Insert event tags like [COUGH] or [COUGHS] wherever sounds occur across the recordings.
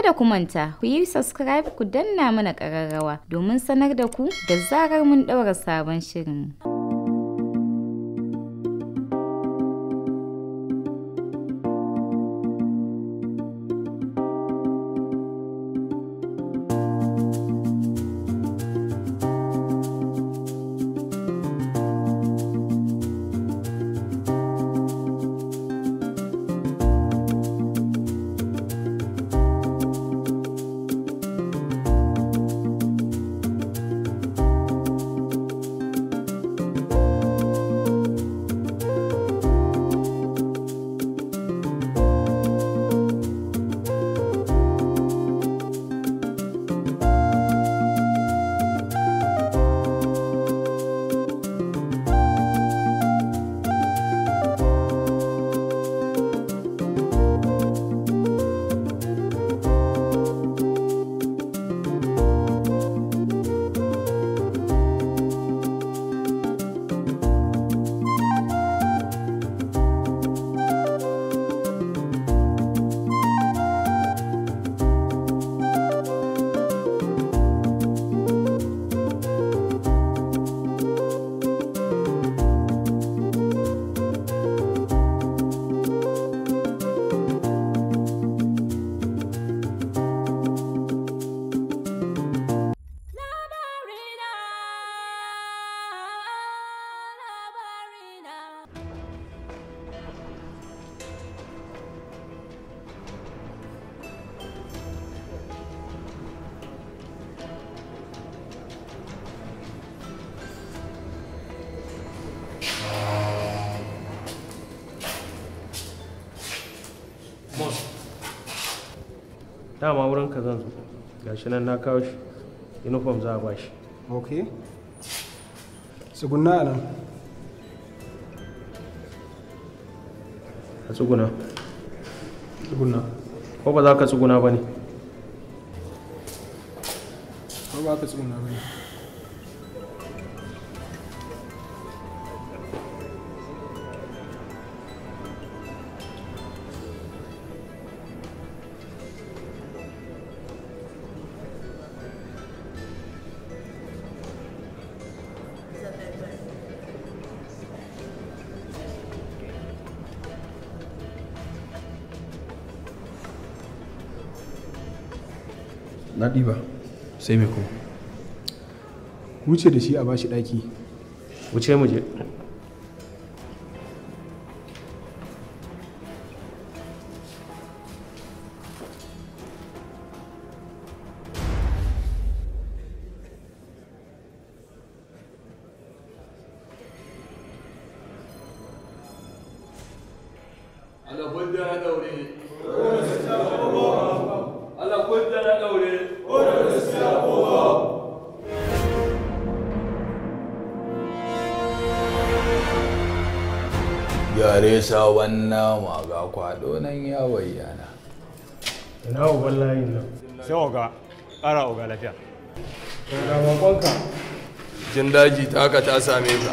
Kada ku manta, ku yi subscribe ku danna mana ƙararrawa domin sanar da ku da zarar mun ɗaura sabon shirin. dama wurin ka zan zo gashi nan na kawo shi uniform za a ba shi ok tsuguna a nan a tsuguna tsuguna ko ba za ka tsuguna ba ne Ko ba ka tsuguna ba ne sai mai kuma wuce da shi a bashi ɗaki wuce mu kare sawan nama ga kwado nan ya bayyana ina uban layi nan sai oga ƙara oga lafiya oga bakonka jin daji ta ka ta same ka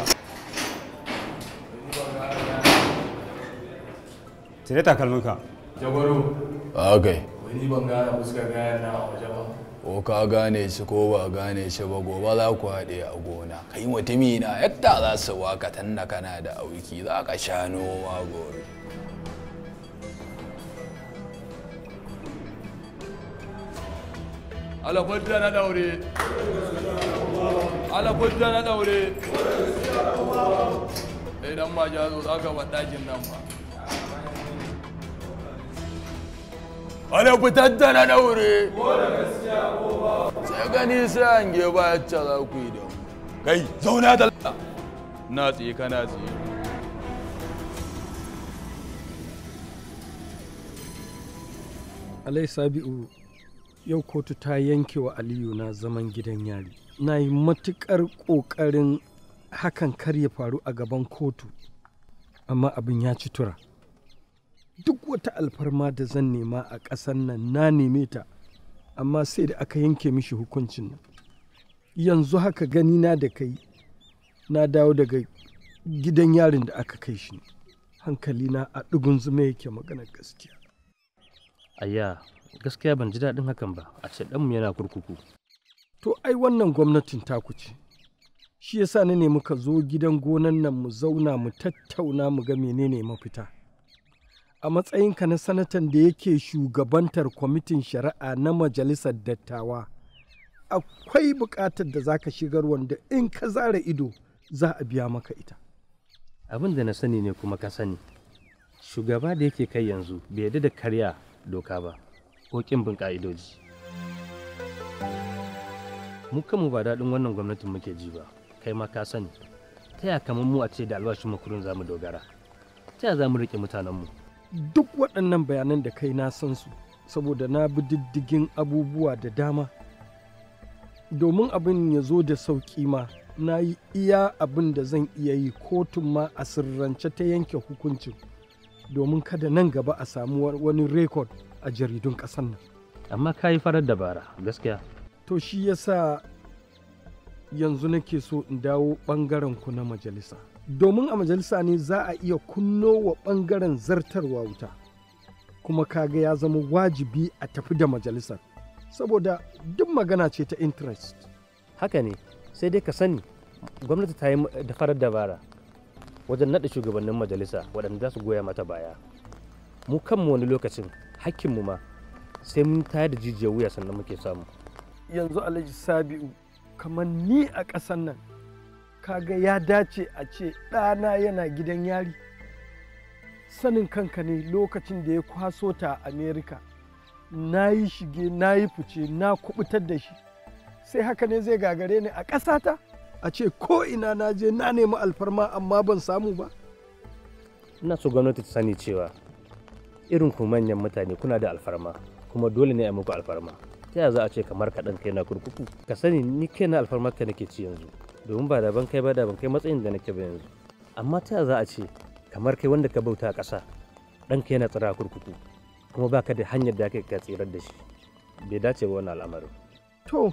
cire takalminka jagwaro ok wani ban gane fuskar gaya na a waje ba ko ka gane shi ko ba gane shi ba gobe za ku haɗe a gona kai mutumi na yadda za su waka na kana da auki za ka sha noma gobe alafudda na daure alafudda na daure idan ma jazo za ka ba ɗakin nan ba ana fitar da na daure ko da gaskiya ko ba sai gani sai an ge ba yacce za ku yi da kai zauna da na tsiye kana tsiye Alai Sabi'u yau kotu ta yanke wa Aliyu na zaman gidan yari. Na yi matuƙar ƙoƙarin hakan kar ya faru a gaban kotu, amma abin ya ci tura. duk wata alfarma da zan nema a ƙasar nan na neme ta amma sai da aka yanke mishi hukuncin nan yanzu haka gani na da kai na dawo daga gidan yarin da aka kai shi Hankalina a ɗugun zuma yake magana gaskiya ayya gaskiya ban ji daɗin hakan ba a ce ɗanmu yana kurkuku to ai wannan gwamnatin ta ce shi yasa na nemi ka zo gidan gonan nan mu zauna mu tattauna mu ga menene mafita a matsayinka na sanatan da yake shugabantar kwamitin shari'a na majalisar dattawa akwai buƙatar da za ka shigar wanda in ka zara ido za a biya maka ita abin da na sani ne kuma ka sani shugaba da yake kai yanzu bai yadda da karya doka ba ko kin bin ka'idoji mu kanmu ba daɗin wannan gwamnatin muke ji ba kai ma ka sani ta ya kamar mu a ce da albashin makurin za mu dogara ta ya za mu riƙe mutanenmu duk waɗannan bayanan da kai na san su saboda na bi diddigin abubuwa da dama domin abin ya zo da sauƙi ma na yi iya abin da zan iya yi kotun ma a sirrance ta yanke hukuncin domin kada nan gaba a samu wani rekod a jaridun ƙasar nan amma ka yi farar dabara gaskiya to shi yasa yanzu nake so in dawo ɓangaren ku na majalisa domin a majalisa ne za a iya kunno wa ɓangaren zartarwa wuta kuma kaga ya zama wajibi a tafi da majalisar saboda duk magana ce ta interest haka ne sai dai ka sani gwamnati ta yi da farar dabara wajen naɗa shugabannin majalisa waɗanda za su goya mata baya mu kanmu wani lokacin hakkinmu ma sai mun tayar da jijiyar wuya sannan muke samu yanzu alhaji sabi'u kamar ni a ƙasar nan kaga ya dace a ce ɗana yana gidan yari sanin kanka ne lokacin da ya kwaso ta amerika na yi shige na yi fice na kubutar da shi sai haka ne zai gagare ni a ƙasata a ce ko ina na je na nemi alfarma amma ban samu ba ina so gwamnati ta sani cewa irin ku manyan mutane kuna da alfarma kuma dole ne a muku alfarma ta yaya za a ce kamar kaɗan kai na kurkuku ka sani ni kai na alfarma ka nake ci yanzu domin ba da ban kai ba da ban kai matsayin da nake ba yanzu amma ta za a ce kamar kai wanda ka bauta a ƙasa ɗanka yana tsira a kurkuku kuma ba ka da hanyar da ka tsirar da shi bai dace ba wannan al'amarin to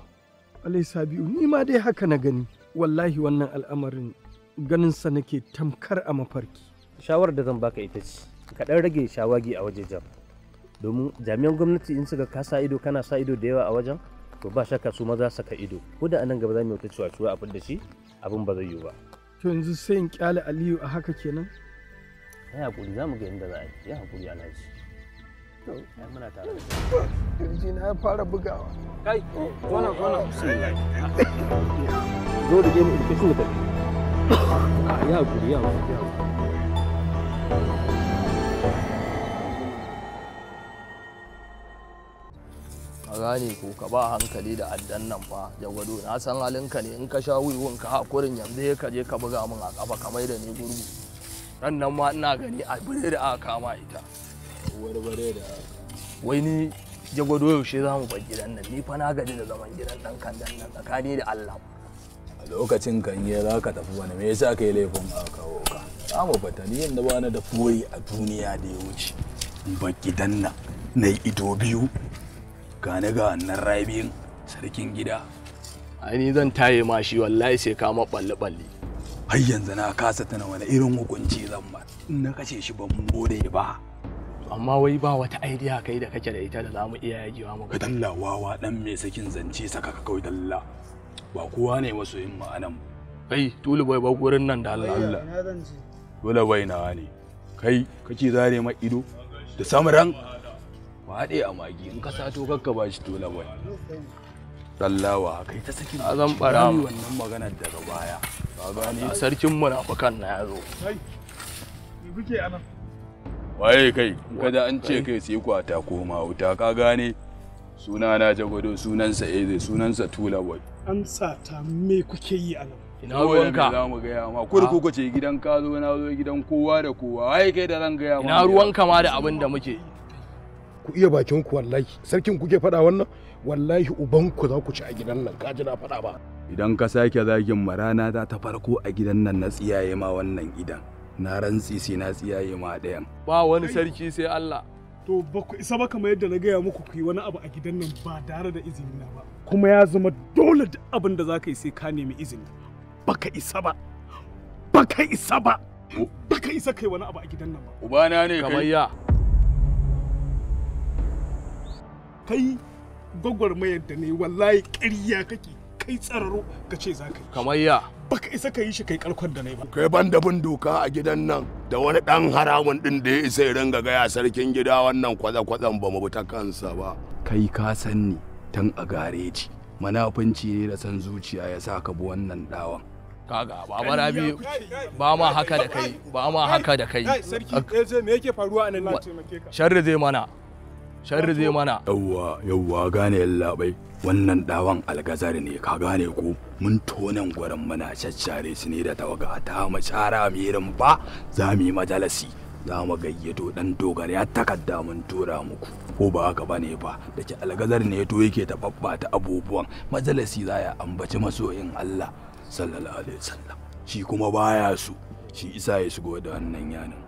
alai biyu ni ma dai haka na gani wallahi wannan al'amarin ganin sa nake tamkar a mafarki shawarar da zan baka ita ce ka ɗan rage shawagi a waje jam domin jami'an gwamnati in suka kasa ido kana sa ido da yawa a wajen to ba shakka su maza saka ido ko da anan gaba za mu yi wata cewa cewa abin da shi abin ba zai yi ba to yanzu sai in kyale aliyu a haka kenan ai hakuri za mu ga yadda za a yi ya hakuri alhaji to ai muna tare kirji na fara bugawa kai kona kona zo da gemu in kashin da tafi [COUGHS] ya hakuri ya hakuri ya hakuri gane ko ka ba hankali da addan nan fa jagwado na san ka ne in ka sha wiwun ka hakurin yanzu ka je ka buga mun a kafa kamar da ni gurgu ran nan ma ina gani a bare da aka kama ita bare da wai ni jagwado yaushe za mu bar gidan nan ni fa na gani da zaman gidan dan dan nan tsakani da Allah a lokacin kanye za ka tafi wani me yasa kai laifin a kawo ka za mu ni yanda ba na da koyi a duniya da ya wuce ba gidan nan na ido biyu gane ga wannan rabin sarkin gida ni zan taye ma shi wallahi sai ka balle balle har yanzu na kasa tana wani irin hukunci zan ba na kace shi ban gode ba amma wai ba wata idea kai da kake da ita da zamu iya yagewa mu ga dalla wawa dan mai sakin zance saka ka kawai dalla ba kowa ne maso yin anan kai tulu bai ba gurin nan da Allah Allah dole bai na wani kai kake zare ma ido da samran haɗe a magi in ka sato kakka ba shi tola bai dallawa kai ta saki a zan bara wannan maganar daga baya ba gane sarkin munafukan na yazo kai kuke anan waye kai kada an ce kai sai kwata koma wuta ka gane suna na jagwado sunansa eze sunansa tula boy an sata me kuke yi anan ina ruwanka za mu gaya ma kurkuku ah. ce gidan ka zo na zo gidan kowa da kowa waye kai da zan gaya ma ina ruwanka ma da abin da muke ku iya bakin ku wallahi sarkin kuke faɗa wannan wallahi uban ku za ku ci a gidan nan kaji na faɗa ba idan ka sake zagin marana ta ta farko a gidan nan na tsiyaye ma wannan gidan na rantsi sai na tsiyaye ma ɗayan ba wani sarki sai Allah to ba ku isa ba kamar yadda na gaya muku ku yi wani abu a gidan nan ba tare da izini na ba kuma ya zama dole duk abin da za ka yi sai ka nemi izini baka isa ba baka isa ba baka isa kai wani abu a gidan nan ba ubana ne kai kai gwagwarmayar da ne wallahi ƙarya kake kai tsararo ka ce za ka yi kamar ya baka isa ka yi shi kai karkon da ne ba kai ban da bin doka a gidan nan da wani ɗan haramun ɗin da ya isa ya ringa gaya sarkin gida wannan kwazakwazan ba mu bi ta kansa ba kai ka san ni tan a gareji manafinci ne da san zuciya ya sa ka bi wannan dawan kaga ba ma rabi ba ma haka da kai ba ma haka da kai sarki eh, me yake faruwa a nan na taimake ka sharri zai mana sharri zai mana yawwa yawwa gane labai wannan dawan algazar ne ka gane ko mun tonan gwaran muna shashare su ne da tawaga ta mu shara mirin ba za mu yi majalasi za mu gayyato dan dogara ya takadda mun tura muku ko ba haka bane ba da ke algazar ne to yake ta babbata abubuwan majalasi za ya ambaci masoyin Allah sallallahu alaihi wasallam shi kuma baya su shi isa ya shigo da wannan yanin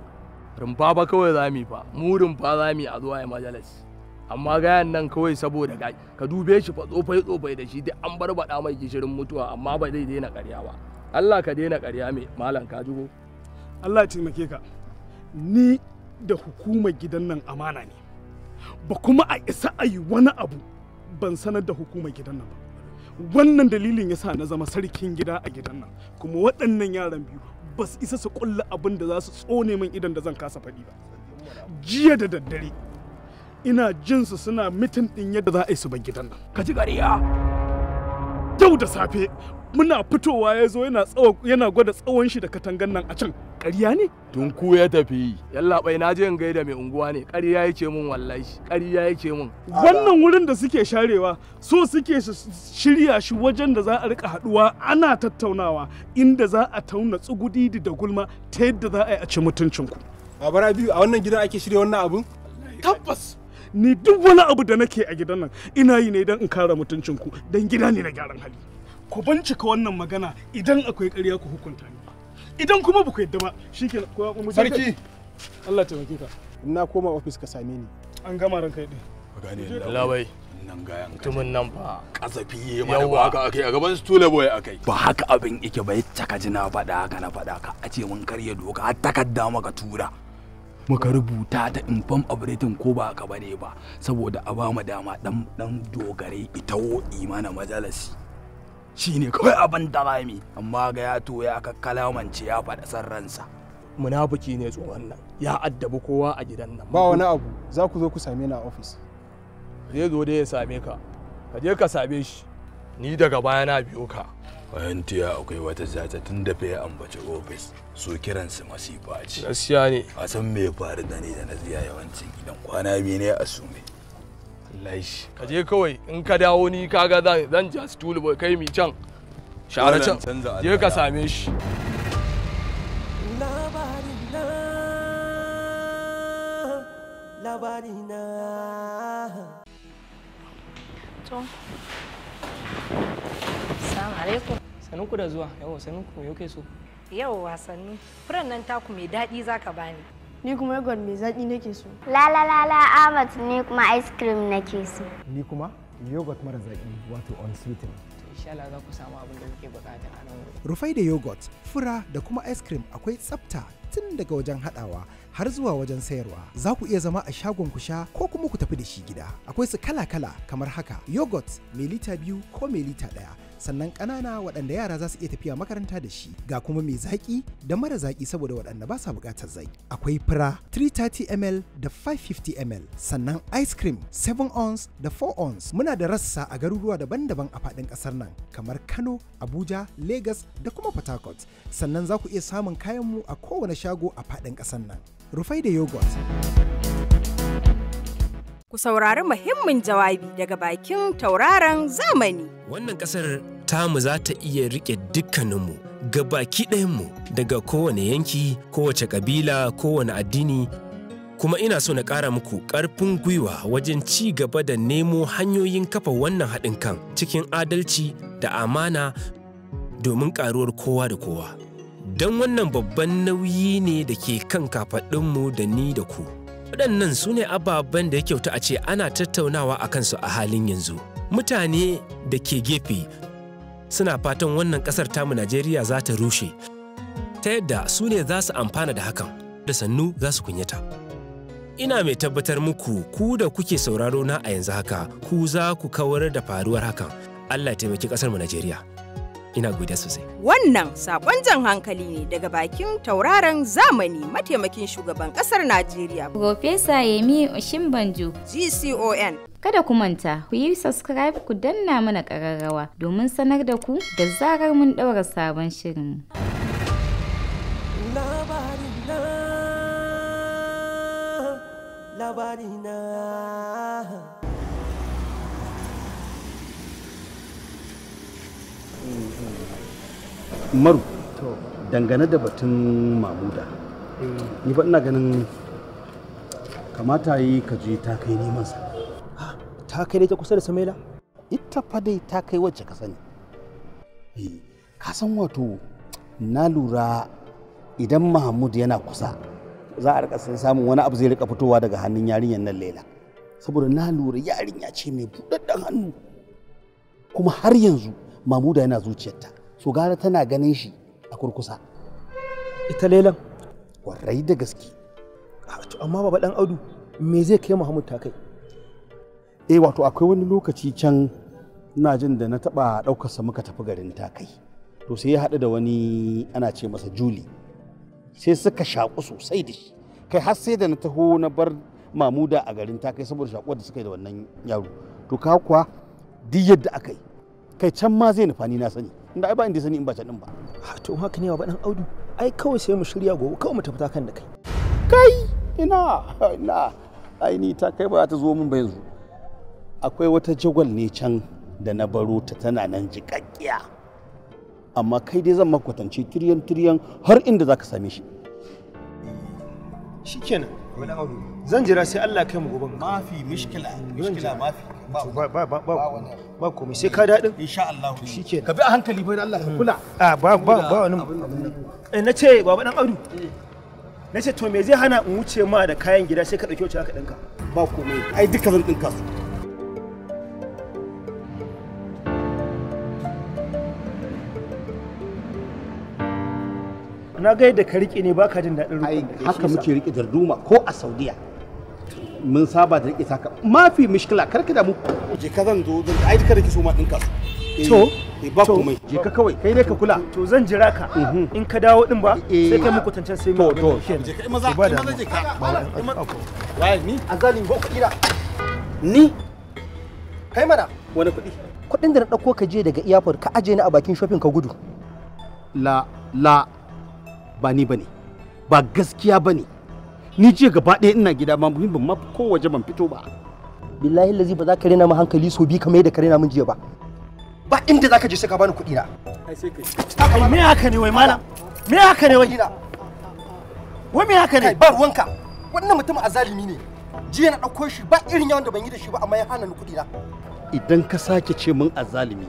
rumfa ba kawai yi fa mu rumfa yi a zuwa ya majalasi amma gayan nan kawai saboda ga ka dube shi fa tsofai tsofai da shi duk an barbada mai gishirin mutuwa amma ba zai daina ƙarya ba Allah ka daina ƙarya mai malam ka jugo Allah ya taimake ka ni da hukumar gidan nan amana ne ba kuma a isa a wani abu ban sanar da hukumar gidan nan ba wannan dalilin ya sa na zama sarkin gida a gidan nan kuma waɗannan yaran biyu ba su isa su kulla abin da za su tsone min idan da zan kasa faɗi ba jiya da daddare ina jinsu suna mitin din yadda za a yi su ban gidan nan ka ji gariya yau da safe muna fitowa ya zo yana yana gwada tsawon shi da katangan nan a can ƙarya ne tun ku ya tafi yalla bai na je in gaida mai unguwa ne ƙarya yake mun wallahi ƙarya yake mun wannan wurin da suke sharewa so suke shirya shi wajen da za a rika haduwa ana tattaunawa inda za a tauna tsugudi da gulma ta yadda za a yi a ci mutuncinku a bara biyu a wannan gidan ake shirya wannan abun tabbas ni duk wani abu da nake a gidan nan ina yi ne don in kara mutuncinku don gida ne na gyaran hali ku bincika wannan magana idan akwai ƙarya ku hukunta ni idan kuma ba ku yadda ba shike ko mu sarki Allah ta taimake ka na koma office ka same ni an gama ranka yadda gane labai nan yanka mutumin nan ba kazafi ya mana ba haka akai a gaban stule boy akai ba haka abin yake ba ya ka jina faɗa haka na faɗa ka a ce mun karya doka har takadda maka tura muka rubuta ta in fam operating ko ba ka bane ba saboda a bamu dama dan dan dogare ita wo imana majalasi shine kawai abin da rami amma ga ya to ya kakkalamance ya faɗa san ransa munafiki ne tsohon nan ya addabi kowa a gidan nan ba wani abu za ku zo ku same ni a ofis zai zo da ya same ka ka je ka same shi ni daga baya na biyo ka fahimtiya akwai wata zata tun da fa ambaci ofis su kiransu masifa ce gaskiya ne a san me ya faru da ni da na ziya yawancin gidan kwana biyu ne a sume wallahi ka je kawai in ka dawo ni ka zan zan ja stool boy kai mi can share can je ka same shi labarina alaikum. sanin ku da zuwa, yawo sanin ku yau kai so. Yawwa sannu, furan nan taku mai daɗi zaka bani. Ni kuma yogurt mai zaƙi nake so. La la la la Ahmad ni kuma ice cream nake so. Ni kuma yogurt mara zaƙi wato unsweetened. insha Allah za ku samu abin da kuke bukata a nan Rufai da yogurt, fura da kuma ice cream akwai tsafta tun daga wajen hadawa har zuwa wajen sayarwa. Za ku iya zama a shagon ku sha ko kuma ku tafi da shi gida. Akwai su kala-kala kamar haka yogurt mai lita biyu ko mai lita ɗaya. sannan ƙanana waɗanda yara za su iya tafiya makaranta da shi ga kuma mai zaƙi da mara zaƙi saboda waɗanda ba sa buƙatar zai. akwai fura 330 ml da 550 ml sannan ice cream 7 ounce da 4 ounce muna da rassa a garuruwa daban-daban a faɗin ƙasar nan kamar Kano Abuja Lagos da kuma Port sannan za ku iya samun kayanmu a kowane shago a faɗin ƙasar nan Rufai da yogurt ku saurari muhimmin jawabi daga bakin tauraron zamani. Wannan ƙasar tamu za ta iya riƙe dukkaninmu ga baki ɗayanmu daga kowane yanki, kowace ƙabila, kowane addini. Kuma ina so na ƙara muku ƙarfin gwiwa wajen ci gaba da nemo hanyoyin kafa wannan haɗin kan cikin adalci da amana domin ƙaruwar kowa da kowa. Don wannan babban nauyi ne da ke kan kafaɗinmu da ni da ku. Waɗannan su ne ababen da ya kyauta a ce ana tattaunawa a kansu a halin yanzu. Mutane da ke gefe suna fatan wannan ƙasar tamu Najeriya za ta rushe, ta yadda su ne za su amfana da hakan, da sannu za su kunyata. Ina mai tabbatar muku ku da kuke sauraro na a yanzu haka, ku za ku kawar da faruwar hakan. Allah ya taimaki ƙasar mu Najeriya. ina gode sosai wannan sakon jan hankali ne daga bakin tauraron zamani mataimakin shugaban kasar najeriya profesa yemi oshimbanjo gcon kada ku manta ku yi subscribe ku danna mana kararrawa domin sanar da ku da zarar mun ɗaura sabon shirin labarina labarina maru dangane da batun mamuda eh. ni fa ina ganin kamata yi ka je ta kai neman sa ta kai ta kusa da samaila ita fa dai ta kai wacce ka sani eh, ka san wato na lura idan mahmud yana kusa za a rika samun wani abu zai rika fitowa daga hannun yarinyar nan laila saboda na lura yarinya ce mai buɗaɗɗen hannu kuma har yanzu mamuda yana zuciyarta to gara tana ganin shi a kurkusa ita lelan warai da gaske amma baba dan audu me zai kai muhammad ta kai eh wato akwai wani lokaci can ina jin da na taba sa muka tafi garin ta kai. to sai ya haɗu da wani ana ce masa juli sai suka shaku sosai da shi kai har sai da na taho na bar mamuda a garin ta kai saboda shaƙuwar da suka yi da wannan yaro to ka kuwa duk yadda aka yi kai can ma zai nufa ni na sani inda ai ba inda sani in ba can din ba to haka ne wa dan audu ai kawai sai mu shirya gobe kawai mu tafi kan da kai kai ina ina ai ni ta kai ba ta zo min ba yanzu akwai wata jagwal ne can da na baro ta tana nan jikakkiya amma kai dai zan makwatance tiryan tiryan har inda zaka same shi shikenan wani audu zan jira sai Allah kai mu gobe mafi mishkila mishkila mafi ba ba ba ba komai sai ka dadin insha Allah shikenan ka bi a hankali da Allah ka kula mm. a ah, ba ba ba wani eh nace baba dan Audu nace to me zai hana in wuce ma da kayan gida sai ka dauke wuce aka dinka ba komai ai duka zan dinka su na ga yadda ka rike ne baka jin daɗin rukun haka muke rike darduma ko a saudiya mun saba da rike ka mafi mishkila kar ka damu je ka zan zo zan ai kada ki so ma dinka eh, to eh, ba komai je ka kawai kai dai ka kula to zan jira ka mhm. in ka dawo din ba eh. sai kai muku tantance sai mu to to je kai maza maza je ka wai ni azalin ba ku kira ni kai mana wani kuɗi kuɗin da na ɗauko ka je daga iyafor ka aje ni a bakin shopping ka gudu la la ba ni bane ba gaskiya bane ni jiya gaba ɗaya ina gida ma ban ma ko waje ban fito ba billahi lazi ba za ka rena mu hankali so bi kamar yadda ka rena mun jiya ba ba inda za ka je sai ka bani kuɗi na kai me haka ne wai malam me haka ne wai wai me haka ne ba ruwanka wannan mutum azalimi ne jiya na ɗauko shi ba irin yawan da ban yi da shi ba amma ya hana ni kuɗi na idan ka sake ce min azalimi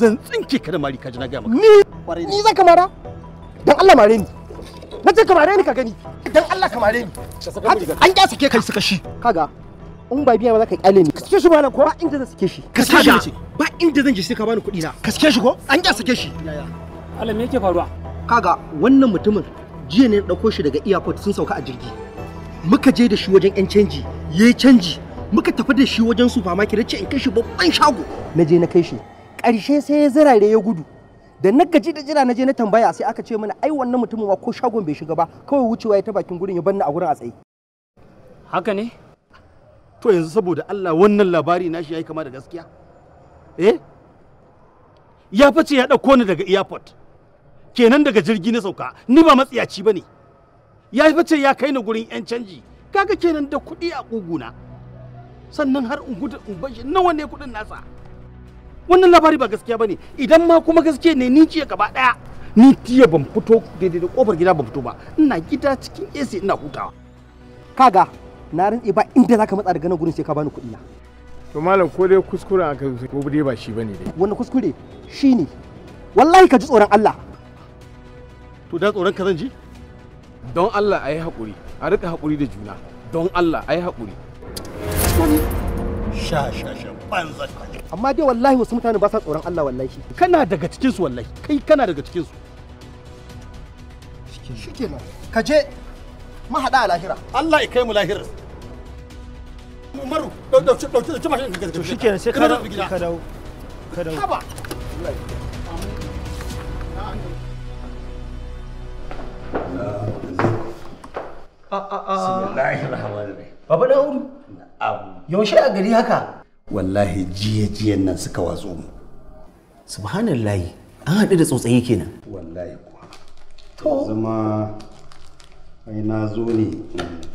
zan tsinke ka da mari ka ji na ga maka ni ni zaka mara dan Allah mare ni na ce kamare ni ka gani dan Allah kamare ni an ya sake kai suka shi kaga in ba biya ba za ka ƙyale ni ka shi malam ko ba inda zan sake shi ka sake shi ba inda zan je sai ka bani kuɗi na ka shi ko an ya sake shi Allah me yake faruwa kaga wannan mutumin jiya ne dauko shi daga airport sun sauka a jirgi muka je da shi wajen yan canji yayi canji muka tafi da shi wajen supermarket ce in kai shi babban shago na je na kai shi ƙarshe sai ya zirare ya gudu da na gaji da jira na je na tambaya sai aka ce mana ai wannan mutumin wa ko shagon bai shiga ba kawai wucewa ya ta bakin gurin ya banna a gurin a tsaye haka ne to yanzu saboda Allah wannan labari na shi yayi kama da gaskiya eh ya fice ya dauko ni daga airport kenan daga jirgi na sauka ni ba matsiyaci bane ya fice ya kai ni gurin yan canji kaga kenan da kuɗi a kuguna sannan har in gudu in bashi nawa ne kuɗin nasa wannan labari ba gaskiya bane idan ma kuma gaskiya ne ni jiya gaba daya ni jiya ban fito daidai da kofar gida ban fito ba ina gida cikin AC ina hutawa kaga na rantsi ba inda zaka matsa daga nan gurin sai ka bani kuɗi na to malam ko dai kuskure aka ko dai ba shi bane dai wannan kuskure shine wallahi ka ji tsoron Allah to da tsoron ka zan ji don Allah ayi hakuri a rika hakuri da juna don Allah ayi hakuri sha sha sha banza amma dai wallahi wasu mutane ba sa tsoron Allah wallahi kana daga cikin su wallahi kai kana daga cikin su shikenan ka je mu hada lahira Allah ya kai mu lahira Umaru dauki dauki dauki mashin ka tafi shikenan sai ka dawo ka dawo ka dawo haba Bismillahirrahmanirrahim. Baba Da'udu. Na'am. Yaushe a gari haka? wallahi jiye-jiyen nan suka watsu mu subhanallahi an haɗu da tsotsaye kenan wallahi kuwa to zama ai na zo ne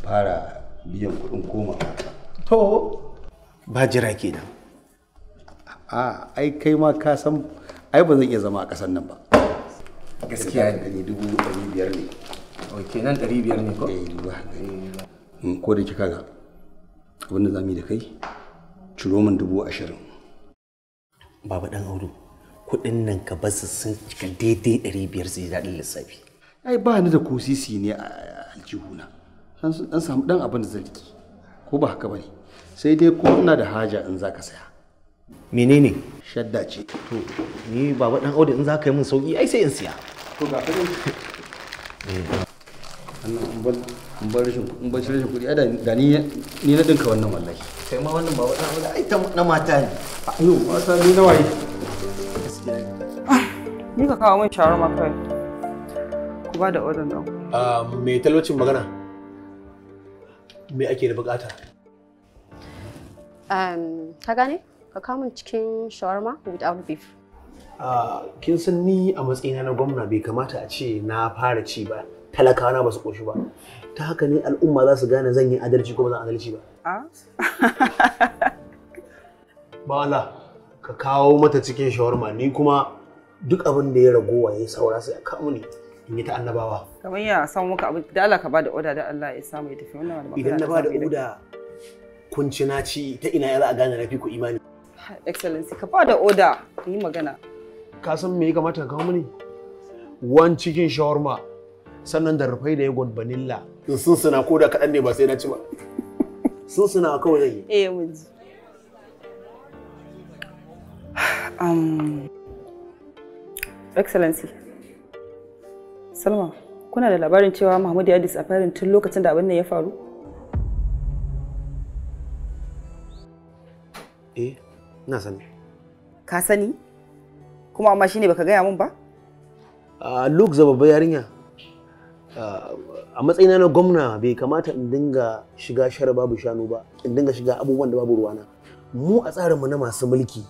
fara biyan kuɗin koma to ba jira kenan a ai kai ma ka san ai ba zan iya zama a ƙasar nan ba gaskiya da ni dubu ɗari biyar ne ok nan ɗari biyar ne ko? Eh, mm, ko da kika ga abin zamu yi da kai ciro min dubu ashirin baba Ɗan audu kuɗin nan ka basu sun cika daidai ɗari biyar zai daɗin lissafi ai ba ni da ko sisi ne a aljihuna dan samu dan abin da zarki ko ba haka bane sai dai ko ina da haja in zaka saya menene shadda ce to ni baba Ɗan audu in zaka yi min sauki ai sai in siya to ga kudin eh annan in bar rashin kuɗi bar da ni na dinka wannan wallahi kai ma wannan ba wannan wani ai na mata ne ayo mata ni na waye ah, ni ka kawo min shawarma kai ku ba da order nan ah, me talocin magana me ake da bukata um ka gane ka kawo min cikin shawarma without beef ah, kin san ni a matsayina na gwamna bai kamata a ce na fara ci ba talakawa na ba su koshi ba ta haka ne al'umma za su gane zan yi adalci ko ba zan adalci ba ba [LAUGHS] Allah ka kawo mata cikin shawarma ni kuma duk abin da ya ragowa ya saura sai a kawo ni in yi ta annabawa kamar ya samu muka abu da Allah ka bada oda da Allah ya samu ya tafi wannan wani idan na bada oda kunci na ci ta ina ya za a gane rafi ku imani excellency ka bada oda ka yi magana ka san me ya kamata ka kawo mini wan cikin shawarma sannan da rufai da yagon vanilla in sun suna ko da kaɗan ne ba sai na ci ba sun suna kawai zan yi eh mun um excellency salma kuna da labarin cewa mahmud ya disappearing tun lokacin da abin nan ya faru eh na sani ka sani kuma amma shine baka gaya mun ba a uh, luke zababba yarinya ah, a matsayina na gwamna bai kamata in dinga shiga shara babu shanu ba in dinga shiga abubuwan da babu ruwana mu a tsarinmu na masu mulki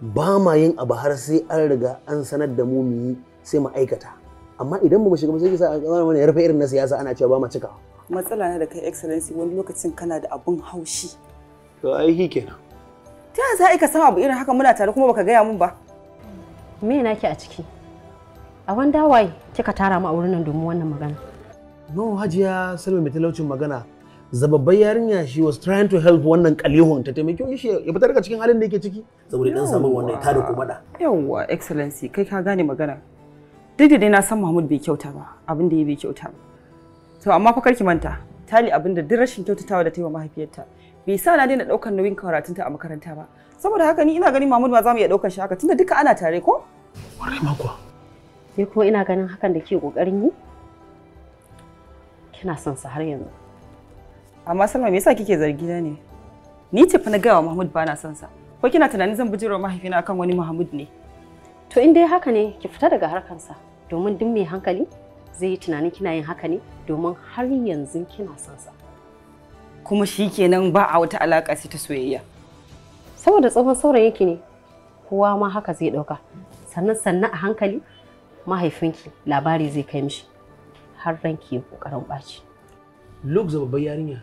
ba ma yin abu har sai an riga an sanar da mu mu yi sai mu aikata amma idan mu shiga sai a tsarin mana yarfa irin na siyasa ana cewa ba ma cika matsala na da kai excellency wani lokacin kana da abun haushi to aiki kenan ta za ka san abu irin haka muna tare kuma baka gaya mun ba me nake a ciki a wanda waye kika tara mu a wurin nan domin wannan magana no hajiya salma mai talaucin magana zababbar yarinya she was trying to help wannan kalihun ta taimake shi ya fitar daga cikin halin da yake ciki saboda dan samun wannan ta da kuma da excellency kai ka gane magana duk da na san Mahmud bai kyauta ba abin da ya bai kyauta ba to amma fa karki manta tali abin da duk rashin kyautatawa da ta yi wa mahaifiyarta bai sa na daina daukar nauyin karatunta a makaranta ba saboda haka ni ina ganin Mahmud ma za mu iya daukar shi haka tunda duka ana tare ko warai ma kuwa ko ina ganin hakan da ke kokarin yi kina son sa har yanzu amma salma me yasa kike zargi na ne ni ce na gawa mahmud ba na son sa ko kina tunanin zan bijiro mahaifina akan wani mahmud ne to in dai haka ne ki fita daga sa domin duk mai hankali zai yi tunanin kina yin haka ne domin har yanzu kina son sa kuma shikenan ba a wata alaka sai ta soyayya saboda tsohon yake ne kowa ma haka zai dauka sannan sannan a hankali mahaifinki labari zai kai mishi har ranki ya kokarin ɓaci. Luke babban yarinya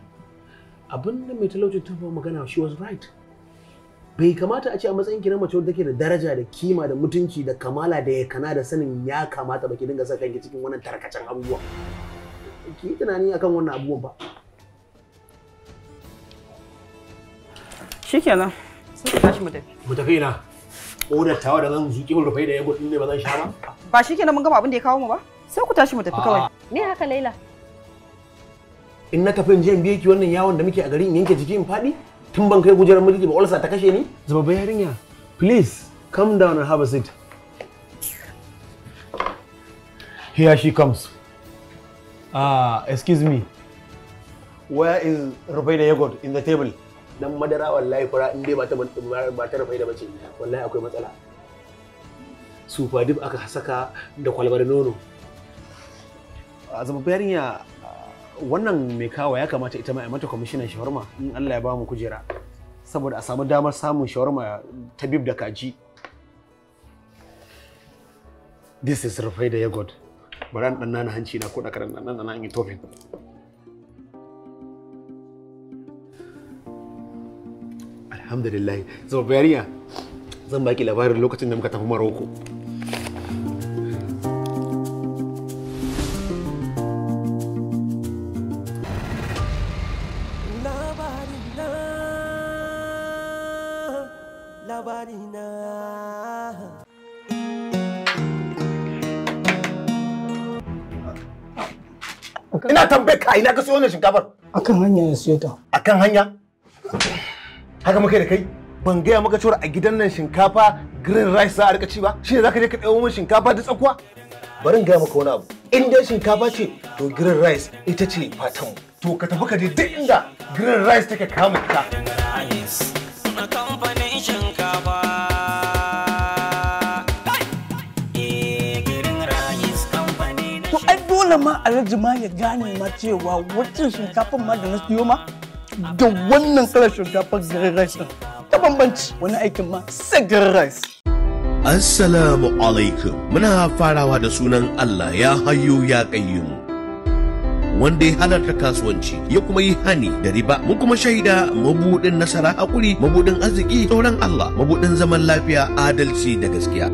abin da mai talaucin ta magana she was right. Bai kamata a ce a matsayin ki na mace wadda ke da daraja da kima da mutunci da kamala da yakana da sanin ya kamata baki dinga sa kanki cikin wannan tarkacen abubuwa. Ki yi tunani akan wannan abubuwan ba. Shikenan. Sai ka tashi mu tafi. Mu tafi ina. Oda tawa da zan zuki mun rufai da yogurt din ne ba zan sha ba. Ba shikenan mun gama abin da ya kawo mu ba. sai ku tashi mu tafi kawai. me haka laila in na tafi in biye ki wannan yawon da muke a garin in yanke jiki in faɗi tun ban kai gujerar mulki ba ulsa ta kashe ni zaba yarinya please come down and have a seat here she comes ah uh, excuse me where is rubaida yogurt in the table dan madara wallahi fara in dai ba ta ba ta rubaida bace wallahi akwai matsala su fa duk aka saka da kwalbar nono bayan ya wannan mai kawa ya kamata ita ma mata kwamishinan shawarma in Allah ya ba mu kujera saboda a samu damar samun shawarma ta bib da kaji this is rufai da yogurt bari an dan hanci na ko da karan nan nan in tofin alhamdulillah zababbayar ya zan baki labarin lokacin da muka tafi Maroko. ina tambayar ka ina ka siyo wannan shinkafar akan hanya ya siyo ta akan hanya haka muke da kai ban gaya maka cewa a gidan nan shinkafa green rice za a rika ci ba shine zaka je ka dawo min shinkafa da tsakuwa bari in gaya maka wani abu in dai shinkafa ce to green rice ita ce fatan to ka tafi ka je duk inda green rice take kama ka company shinkafa kada ma alhaji ma ya gane ma cewa wancan shinkafar ma da na siyo ma da wannan kalar shinkafar garin rice ta bambanci wani aikin ma sai garin rice Assalamu alaikum muna farawa da sunan Allah ya hayo ya kayyumu wanda ya halarta kasuwanci ya kuma yi hani da riba mun kuma shaida mabudin nasara hakuri mabudin arziki tsoron Allah mabudin zaman lafiya adalci da gaskiya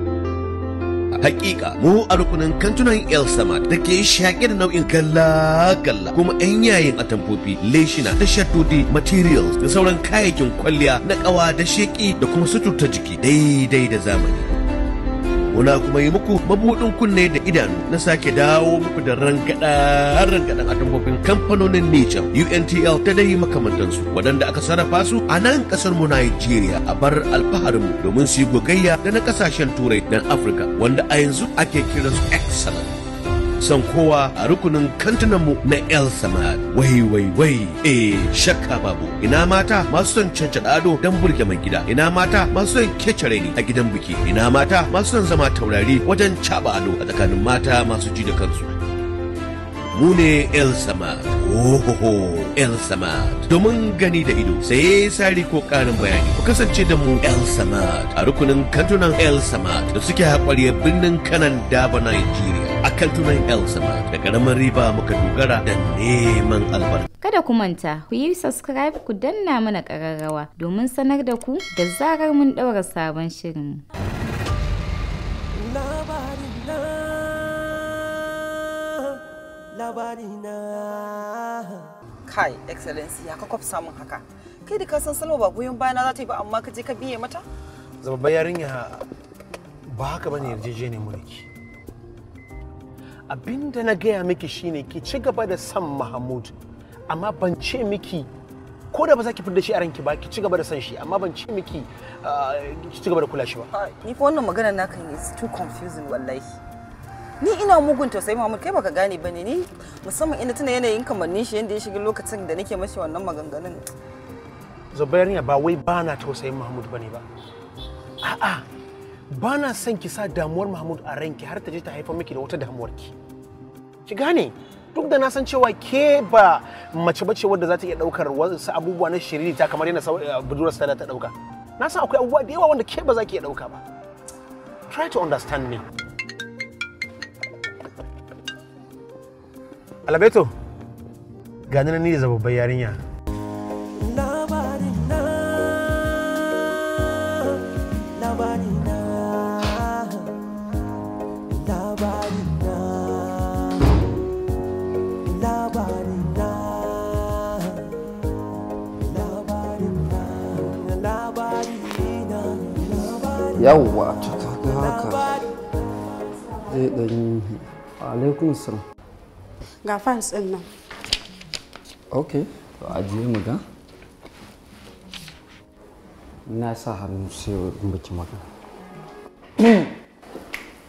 Hakika mu a rukunin kantunan El Samad da ke shaƙe da nau'in kalla-kalla kuma 'yan yayin atamfofi leshina da shatudi materials da sauran kayayyakin kwalliya na ƙawa da sheƙi da kuma suturta jiki daidai da zamani. muna kuma yi muku mabuɗin kunne da idanu na sake dawo muku da rangada rangadan a dambobin kamfanonin Nijar UNTL ta dai makamantansu waɗanda aka sarrafa su a nan ƙasar mu Najeriya a bar alfaharinmu domin su gogayya da na ƙasashen Turai dan Afirka wanda a yanzu ake su excellent son kowa a rukunin kantinanmu na El Samad. Wai wai wai eh shakka babu. Ina mata masu son cancan ado don burge mai gida. Ina mata masu son kece ne a gidan biki. Ina mata masu son zama taurari wajen caba ado a tsakanin mata masu ji da kansu. mu ne El Samad. Ohoho El Samad. Domin gani da ido sai sari ko ƙarin bayani ku kasance da mu El Samad a rukunin kantunan El Samad da suke haƙwariyar birnin kanan Daba Nigeria. A kantunan El Samad da ƙaramin riba muka dogara da neman albarka. Kada ku manta ku yi subscribe ku danna mana ƙararrawa domin sanar da ku da zarar mun ɗaura sabon shirin. labarina kai excellency ya kwakwaf samun haka kai da ka san salma ba goyon bayana za ta yi ba amma ka je ka biye mata zaba-bayarin ya ba haka bane yarjejeniyar mulki. ki abinda na gaya miki shine ki ci gaba da san mahmud amma ban ce miki ko da ba za ki fidda shi a ranki ba ki ci gaba da san shi amma ban ce miki ah, ki ci gaba da kula shi ba ni ko wannan magana naka is too confusing wallahi ni ina mugun tausayi Muhammad kai baka gane bane ni musamman ina tuna yanayin kamannin shi yanda ya shiga lokacin da nake mashi wannan maganganun Zubairiya ba wai bana tausayin Muhammad bane ba a'a bana son ki sa damuwar Muhammad a ranki har ta je ta haifar miki da wata damuwar ki ki gane duk da na san cewa ke ba mace bace wadda za ta iya daukar wasu abubuwa na shiriri ta kamar yana eh, budurar ta ta dauka na san akwai abubuwa da yawa wanda ke ba za ki iya dauka ba try to understand me Alabeto, gani na ni da zababban yarinya. yawwa ta haka zai eh, ɗan alaikun salam ga fans din nan ok to ajiye mu ga na sa hannu sai baki magana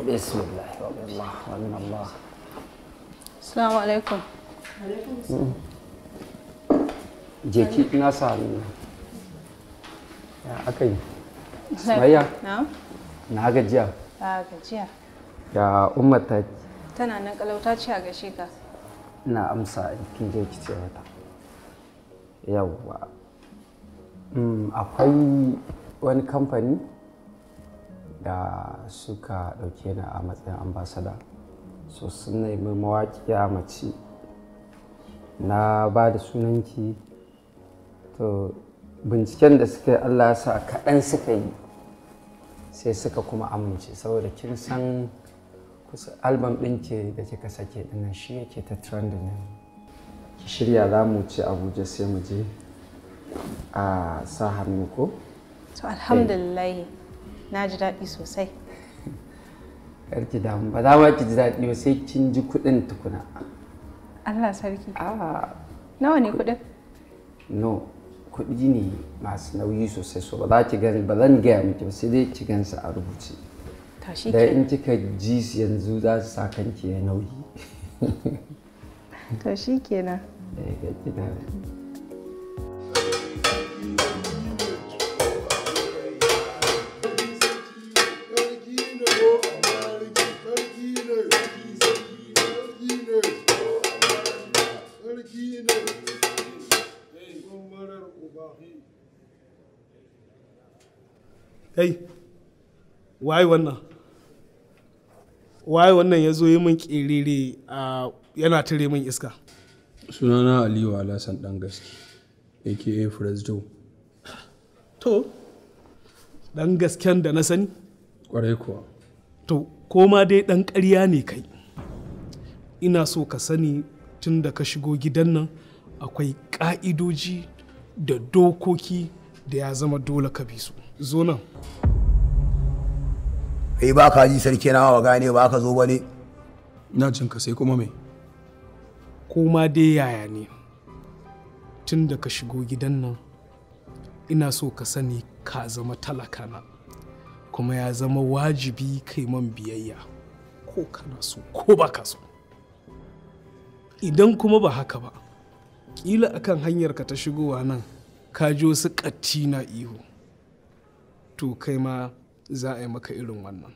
bismillah wallah wallah assalamu alaikum mm. jeki na sa hannu ya aka yi sumayya na gajiya a gajiya ya umar ta tana nan kalauta ta ce a gashe ka ina amsa kin je ki ce mata yawwa mm, akwai wani kamfani da suka ɗauke ni a matsayin ambasada so sun nemi mawaƙiya mace na ba da sunanki to binciken da suka yi allah sa kaɗan suka yi sai suka kuma amince saboda kin san album ɗin ke da kika sake ɗinnan shi yake ta ne ki shirya za mu ci abuja sai mu je a sa hannu ko? to alhamdulillah na ji daɗi sosai [LAUGHS] karki damu ba za ma ki ji daɗi ba sai kin ji kuɗin tukuna Allah sarki ah. nawa ne kuɗin? no kuɗi ne masu nauyi sosai so ba za ki gani ba zan gaya miki ba sai dai ki gansa a rubuce da in kika ji yanzu za su sa kanki ya nauyi to shi kenan Hey, why wannan? waye wannan ya zo yi min kerere yana tare min iska sunana aliyu alasan dan gaske aka fresdo to dan gasken da na sani kwarai kuwa to koma dai dan ƙarya ne kai ina so ka sani tun da ka shigo gidan nan akwai ƙa'idoji da dokoki da ya zama dole ka bi su zo nan kai ba ka ji sarki na wa gane ba ka zo ba ne na jin ka sai kuma me koma dai yaya ne tun da ka shigo gidan nan ina so ka sani ka zama talaka na kuma ya zama wajibi kai man biyayya ko kana so ko ba ka so idan kuma ba haka ba kila akan hanyar ka ta shigowa nan ka ji wasu ƙatti na ihu to kai ma za a yi maka irin wannan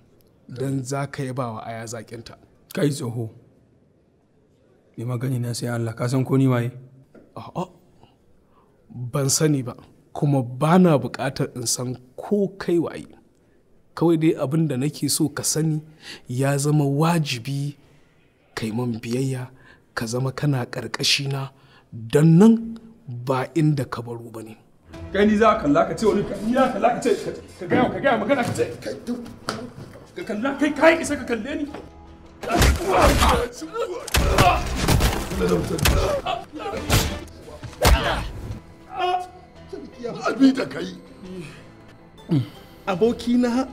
don za ka yi bawa aya zaƙinta kai tsoho mai magani na sai Allah ka san ko ni waye a'a ban sani ba kuma ba na buƙatar in san ko kai waye kawai dai abin da nake so ka sani ya zama wajibi kai man biyayya ka zama kana ƙarƙashina don nan ba inda ka baro ba ne kai ni za ka kalla ka ce wani ni za ka kalla ka ce ka gaya ka gaya magana ka ce ka kalla kai kai isa ka kalle ni Aboki na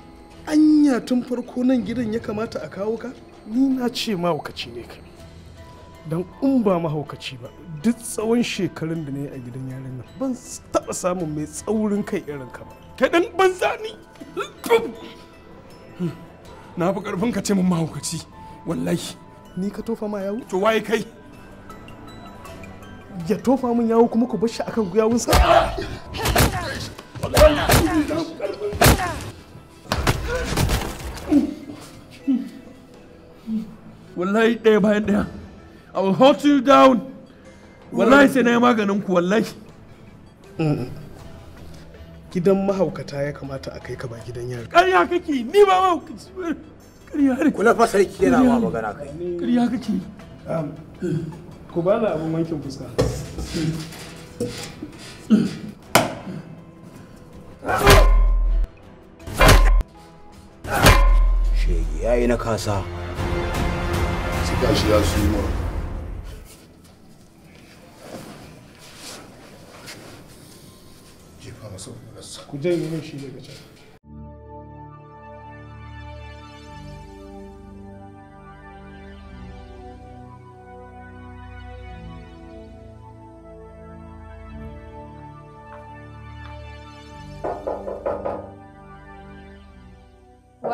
anya tun farko nan gidan ya kamata a kawo ka? Ni na ce ma ne kai. don in ba mahaukaci ba duk tsawon shekarun da ne a gidan yaran nan ban taɓa samun mai tsaurin kai irin ka ba kaɗan ban zani na fi ƙarfin ka ce min mahaukaci wallahi ni ka tofa ma yawo to waye kai ya tofa min yawo kuma ku bashi akan sa wallahi ɗaya bayan ɗaya I will hunt you down wallahi sai na yi maganin ku wallahi gidan mahaukata ya kamata a kai ka ba gidan yari ƙarya kake ni ba mahaukaci ƙarya ne kula fa sarki yana ma magana kai ƙarya kake um, ku ba da abin wankin fuska shege yayi na kasa sai gashi ya su yi mura ku yi shi daga can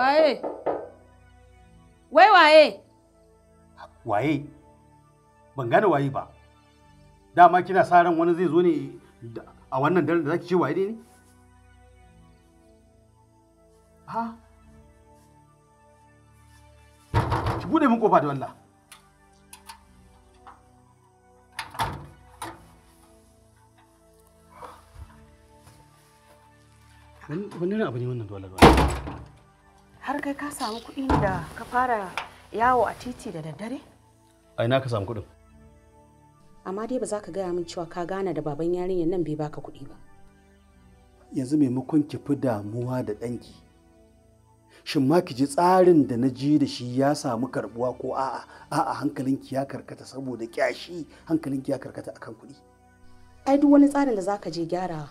Waye? Wai waye? Waye? Ban gane waye ba. Dama kina sa ran wani zai zo ne a wannan daren da zaki ce waye ne? ha ki bude min kofa da wallah wani abu ne wannan dole har kai ka samu kuɗi da ka fara yawo a titi da daddare? a ina ka samu kuɗin amma dai ba za ka gaya min cewa ka gana da baban yarinyar nan bai baka kuɗi ba yanzu maimakon ki fi damuwa da ɗanki shin ma ki ji tsarin da na ji da shi ya samu karbuwa ko a'a a'a hankalinki ya karkata saboda kyashi hankalinki ya karkata akan kuɗi ai duk wani tsarin da zaka je gyara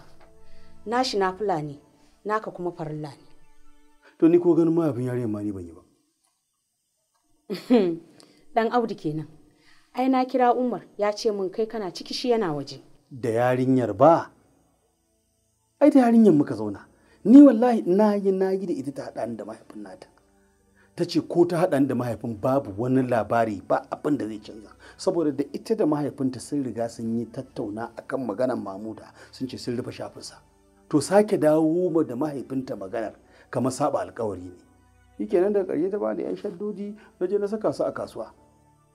nashi na fulani naka kuma farilla ne to ni ko ganin abin yare ma ni ban yi ba [LAUGHS] dan audu kenan ai na kira umar ya ce min kai kana ciki shi yana waje da yarinyar ba ai da yarinyar muka zauna ni wallahi na yi na yi da ita ta haɗa da mahaifin nata ta ce ko ta haɗa da mahaifin babu wani labari ba abin da zai canza saboda da ita da mahaifinta sun riga sun yi tattauna akan maganar mamuda sun ce sun rufe shafinsa to sake dawo ma da mahaifinta maganar kamar saba alkawari ne shikenan daga ƙarshe ta ba da yan shaddodi na je na saka su a kasuwa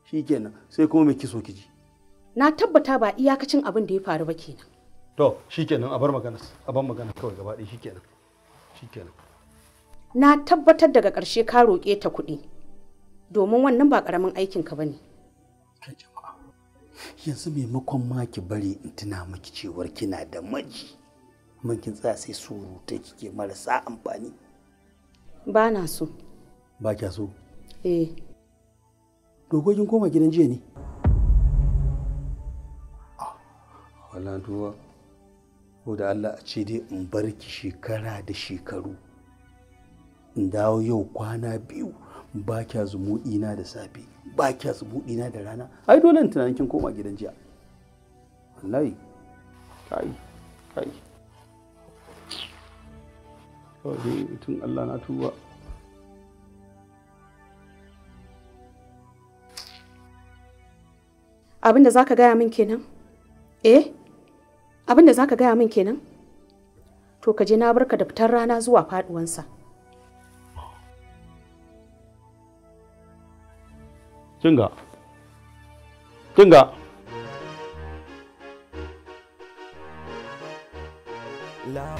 shikenan sai kuma mai kiso kiji na tabbata ba iyakacin abin da ya faru ba kenan to shikenan a bar magana a bar magana kawai gaba ɗaya shikenan na tabbatar daga ƙarshe ka roƙe ta kuɗi domin wannan ba ƙaramin aikinka ba ne yanzu maimakon ma ki bari in tuna miki cewar kina da maji man kin tsaya sai surutai kike marasa amfani ba na so ba kya so eh dogo kin koma gidan jiya ne ah wallahi ko da Allah a ce dai in bar ki shekara da shekaru in dawo yau kwana biyu ba kya na da safe ba kya na da rana ai dole in tunanin kin koma gidan jiya wallahi kai kai dai tun Allah na tuba abinda zaka gaya min kenan eh abinda za ka gaya min kenan to ka je na barka da fitar rana zuwa faduwansa kinga kinga La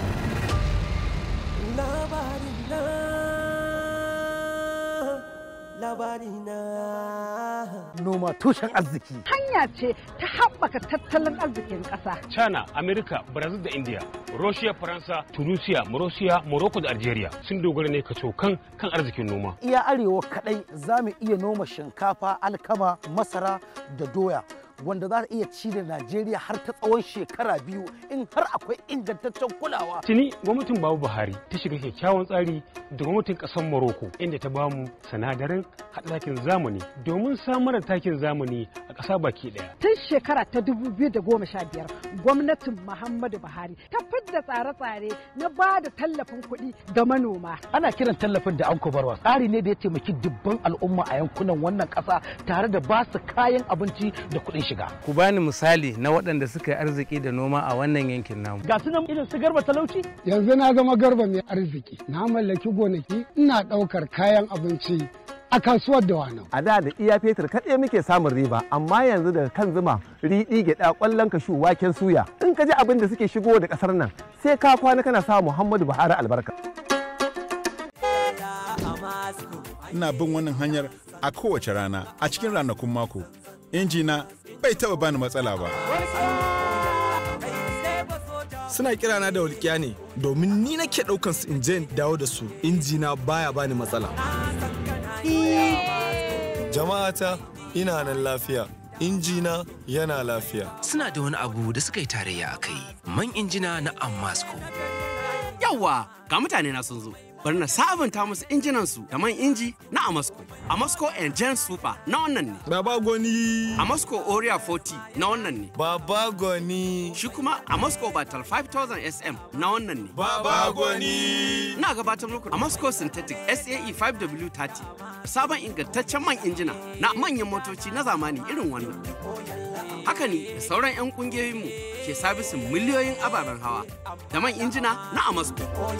labari na. Noma tushen arziki. Hanya ce ta haɓaka tattalin arzikin ƙasa. China, Amerika, Brazil da India, Russia, Faransa, Tunisia, morosia Morocco da Algeria sun dogara ne kan kan arzikin noma. Iya arewa kaɗai za mu iya noma shinkafa, alkama, masara da doya. wanda za ta iya ci da Najeriya har ta tsawon shekara biyu in har akwai ingantaccen kulawa. Tuni gwamnatin Babu Buhari ta shiga kyakkyawan tsari da gwamnatin ƙasar Morocco inda ta bamu sinadarin haɗa zamani domin samar da takin zamani a ƙasa baki ɗaya. Tun shekara ta dubu biyu da goma sha biyar gwamnatin Muhammadu Buhari ta fidda tsare-tsare na ba da tallafin kuɗi ga manoma. Ana kiran tallafin da an kubarwa tsari ne da ya taimaki dubban al'umma a yankunan wannan ƙasa tare da ba su kayan abinci da kuɗin shiga. Ku bani misali na waɗanda suka yi arziki da noma a wannan yankin namu. Ga su nan irin su garba talauci? Yanzu na zama garba mai arziki. Na mallaki gonaki ina ɗaukar kayan abinci a kasuwar da wani. A da da iya fetur kaɗai muke samun riba amma yanzu daga kan zuma riɗi gyaɗa ƙwallon kashu waken suya. In ka ji abin da suke shigo da ƙasar nan sai ka kwana kana sa Muhammadu Buhari albarka. Ina bin wannan hanyar a kowace rana a cikin ranakun mako. Injina bai taɓa bani matsala ba. Suna kirana da walƙiya ne domin ni nake ɗaukan su in je dawo da su injina baya bani matsala. Jama'ata ina nan lafiya. Injina yana lafiya. Suna da wani abu da suka yi tarayya a kai. Man injina na Amasco. Yawwa, ga mutane na sun zo. bari na sabunta musu injinan su da man inji na Amasco. Amasco Engen Super na wannan ne. Baba Goni. Amasco Oria 40 na wannan ne. Baba Goni. Shi kuma Amasco Batal 5000 SM na wannan ne. Baba Goni. Na gabatar muku Amasco Synthetic SAE 5W30 sabon ingantaccen man injina na manyan motoci na zamani irin wannan. Haka ne da sauran 'yan kungiyoyinmu ke sabisin miliyoyin ababen hawa da man injina na Amasco. Oh,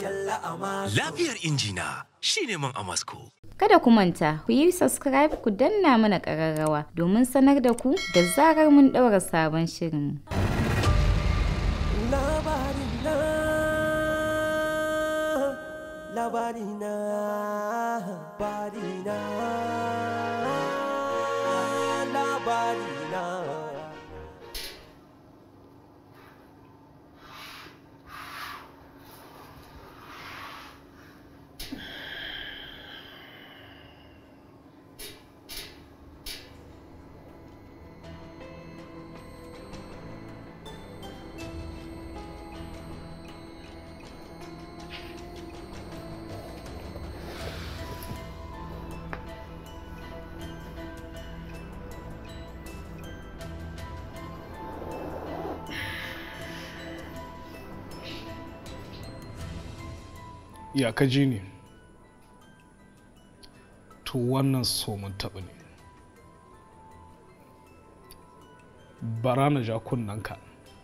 Lafiyar kamar Injina shi ne man Amasko. Kada ku manta, ku yi subscribe ku danna mana ƙararrawa domin sanar da ku da zarar mun ɗaura sabon shirin. Labarina, labarina, labarina. ya ka ji ne to wannan somin taɓa ne bara na ja kunnanka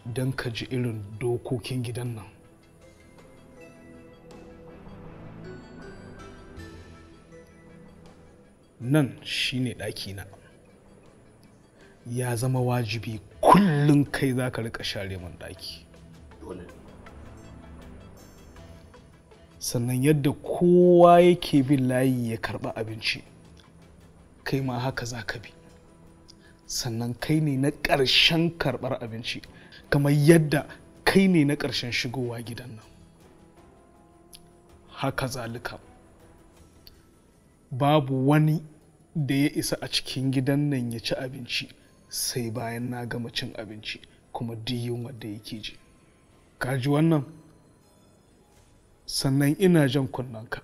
don ka ji irin dokokin gidan nan nan shine na ya zama wajibi kullum kai za ka rika share man ɗaki dole sannan yadda kowa yake bin layi ya karba abinci kai ma haka za ka bi sannan kai ne na ƙarshen karɓar abinci kamar yadda kai ne na ƙarshen shigowa gidan nan haka zalika babu wani da ya isa a cikin gidan nan ya ci abinci sai bayan na gama cin abinci kuma duk yunwa da yake ji kaji wannan sannan ina jan kunnen ka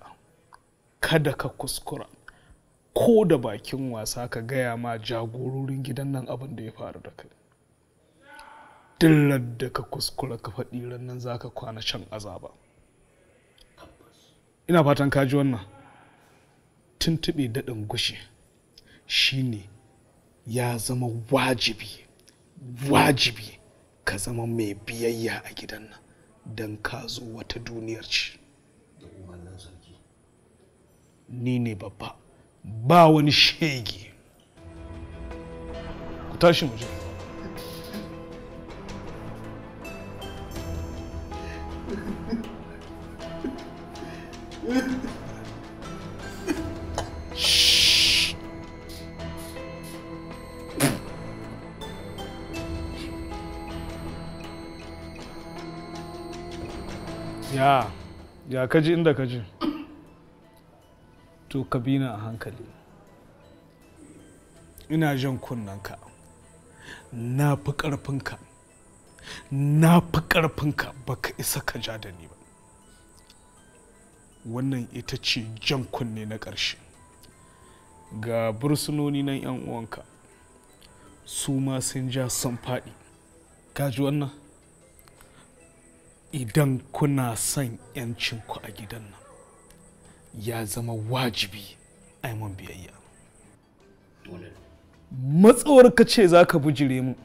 kada ka kuskura ko da bakin wasa ka gaya ma jagororin gidan nan abin da ya faru da kai dillar da ka kuskura ka faɗi rannan za ka kwana can azaba ina fatan kaji wannan tuntuɓe daɗin gushe ne ya zama wajibi wajibi ka zama mai biyayya a gidan nan don ka zo wata duniyar ci. ni ne babba ba wani shege ku tashi mu ya ya kaji inda kaji to ka bi a hankali ina jan kunnanka na fi ƙarfinka na fi ƙarfinka baka isa ka ja da ni ba wannan ita ce jan kunne na ƙarshe ga bursunoni nan 'yan uwanka su ma sun ja sun faɗi kaji wannan idan kuna son 'yancinku a gidan nan ya zama wajibi a mun biyayya matsawar ka ce za ka bujire mu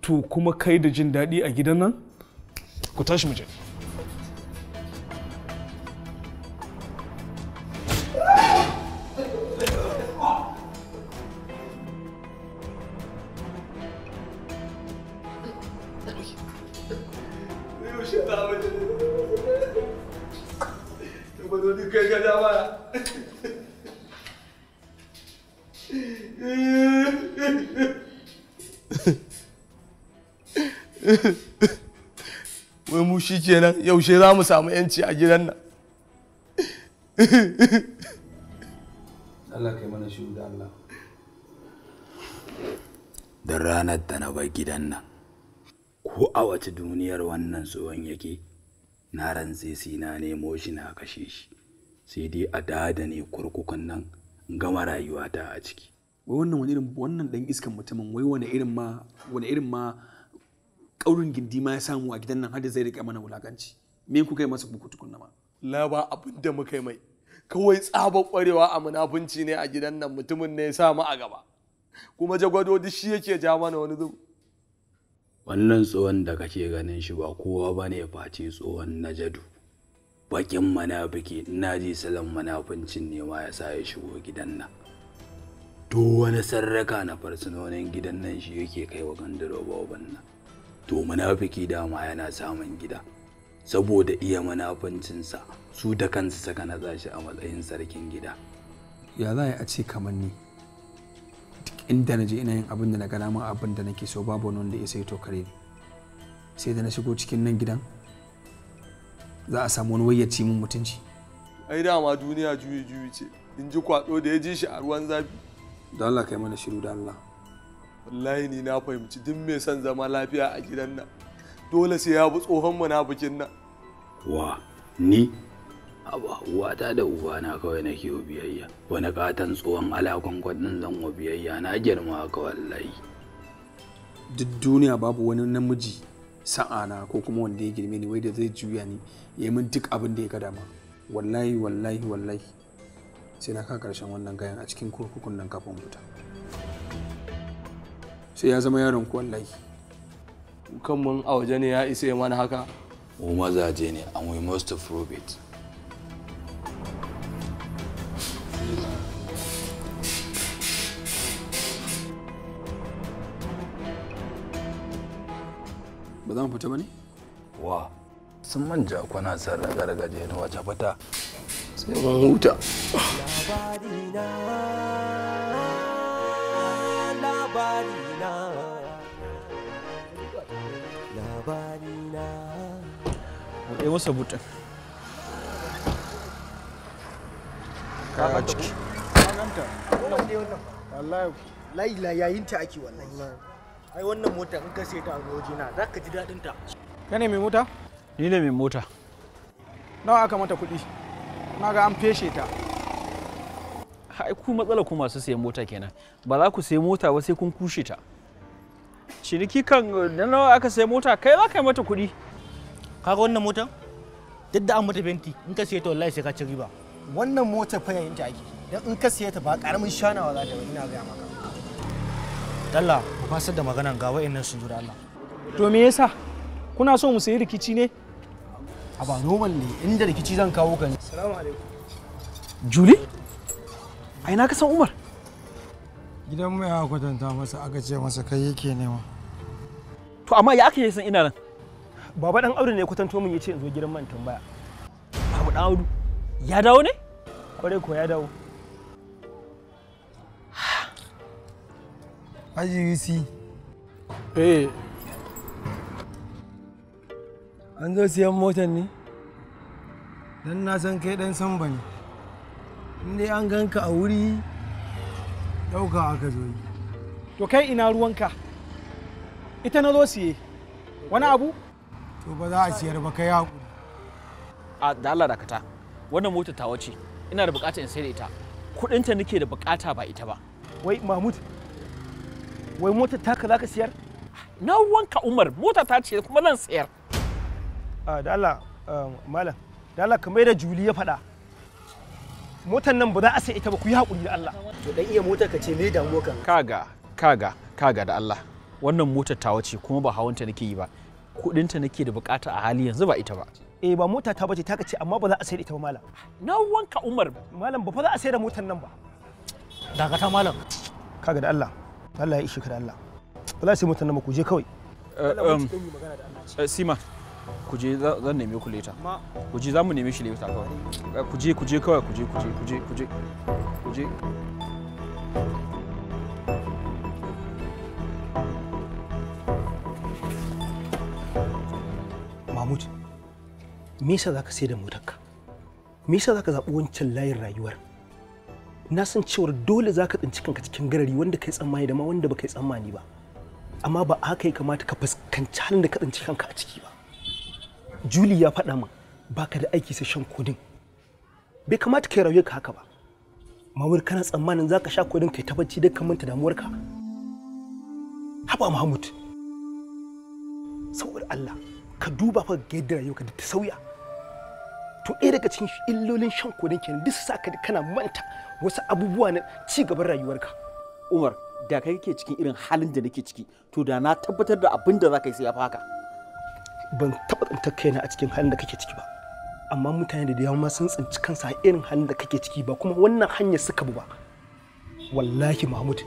to kuma kai da jin daɗi a gidan nan ku tashi mu je kenan yaushe za mu samu yanci a gidan nan Allah kai mana shi da Allah da ranar da na bar gidan nan ko a wace duniyar wannan tsohon yake na rantse sai na nemo shi na kashe shi sai dai a dada ne kurkukun nan gama rayuwata a ciki wai wannan wani irin wannan dan iskan mutumin wai wani irin ma wani irin ma kaurin gindi ma ya samu a gidan nan har zai rike mana wulakanci me ku kai masa buku tukunna ma la ba abin da muka yi mai kawai tsabar kwarewa a munafunci ne a gidan nan mutumin ne ya samu a gaba kuma jagwado duk shi yake ja mana wani zubu wannan tsohon da kake ganin shi ba kowa ba ne face tsohon najadu bakin manafiki ji salon manafincin ne ma ya sa ya shigo gidan nan duk wani sarraka na farsunonin gidan nan shi yake kai wa gandaro ba nan to munafiki dama yana samun gida saboda iya munafancinsa su da kansu saka na zashi a matsayin sarkin gida ya za a ce kamar ni duk inda na je ina yin abin da na gana min abin da nake so babu wanda ya sai to kare ni sai da na shigo cikin nan gidan za a samu wani wayyaci min mutunci ai dama duniya juyi juyi ce in ji kwado da ya ji shi a ruwan zafi don Allah kai mana shiru da Allah wallahi ni na fahimci duk mai son zama lafiya a gidan nan dole sai ya bi tsohon bikin nan wa ni uwata da na kawai nake wa biyayya wani katon tsohon alakon kwadin zan wa biyayya na girma ka wallahi duk duniya babu wani namiji sa'ana ko kuma wanda ya girme ni wai da zai juya ni ya min duk abin da ya gada ma wallahi wallahi wallahi sai na ka karshen wannan gayan a cikin kurkukun nan kafin wuta sai ya zama yaron ku wallahi kan mun a waje ne ya isa ya mana haka mu mazaje ne and we must prove it ba za mu fita ba ne? wa sun manja kwana sun raga raga je wace fita sai mun huta ya masa buɗin kaya ciki layi la yayin ta ake wannan. ai wannan mota in ka ta a waje na za ka ji daɗin ta ka ne mai mota ni ne mai mota nawa aka mata kuɗi na ga an feshe ta ai ku matsala ku masu sayan mota kenan ba za ku sayi mota ba sai kun kushe ta ciniki kan nawa aka sayi mota kai za ka yi mata kuɗi kaga wannan motan? duk da an mata fenti in ka siye ta wallahi sai ka ci riba wannan motar fa yayin ta ake dan in ka siye ta ba karamin shanawa za ta ina ga maka dalla ku fasar da maganan ga wayennan su jira Allah to me yasa kuna so mu sayi rikici ne a ba normal ne inda rikici zan kawo ka ne assalamu alaikum Juli? Ai na san Umar. Gidan mai aka kwatanta masa aka ce masa kai yake nema. To amma ya aka yi san ina nan? baba dan audu ne kwatanto min yace in zo gidan man tambaya babu dan audu ya dawo ne kwarai ko ya dawo [SIGHS] Aji Yusi. Eh. An zo siyan motar ne? Dan na san kai dan samba ne. dai an ganka a wuri ɗauka aka zo yi. To kai ina ruwanka? Ita na zo siye. Wani abu? to ba za a siyar ba ka yaku a da Allah dakata wannan motar tawa ce ina da bukata in sai da ita kudinta nake da bukata ba ita ba wai mahmud wai motar taka zaka siyar na wanka umar mota ta ce kuma zan siyar da Allah malam da Allah kamar da juli ya faɗa motar nan ba za a sai ita ba ku yi haƙuri da Allah to dan iya motar ka ce me damuwa kan kaga kaga kaga da Allah wannan motar tawa ce kuma ba hawanta nake yi ba kudinta nake da bukata a hali yanzu ba ita ba eh ba mota ta bace ta kace amma ba za a sayar ita ba malam na wanka umar malam ba fa za a sayar da motar nan ba daga ta malam kaga da Allah Allah ya ishi ka da Allah ba za a sayar motar nan ba ku je kawai eh, um, eh, sima ku je zan neme ku leta ku je za mu neme shi leta kawai eh, ku je ku je kawai ku je ku je ku je ku je ku je Mahmud, me yasa zaka sai da motarka? Misa yasa zaka zaɓi wancan layin rayuwar? Na san cewar dole zaka tsinci kanka cikin garari wanda kai tsammani da ma wanda baka yi tsammani ba. Amma ba haka ya kamata ka fuskanci halin da ka tsinci kanka a ciki ba. Julie ya faɗa min baka da aiki sai shan kodin. Bai kamata kai rayuwar ka haka ba. Mahmud kana tsammanin zaka sha kodin kai ta bacci dukkan manta damuwarka. Haba Mahmud. Saboda Allah. ka duba fa ga yadda rayuwarka ta sauya to ɗaya daga cikin illolin shan kodin kenan duk sa ka kana manta wasu abubuwa na ci gaban rayuwarka umar da kai kake cikin irin halin da nake ciki to da na tabbatar da abin da za ka yi sai ya faka ban taba tsantar kaina a cikin halin da kake ciki ba amma mutane da yawa ma sun tsinci kansa a irin halin da kake ciki ba kuma wannan hanyar suka bi ba wallahi mahmud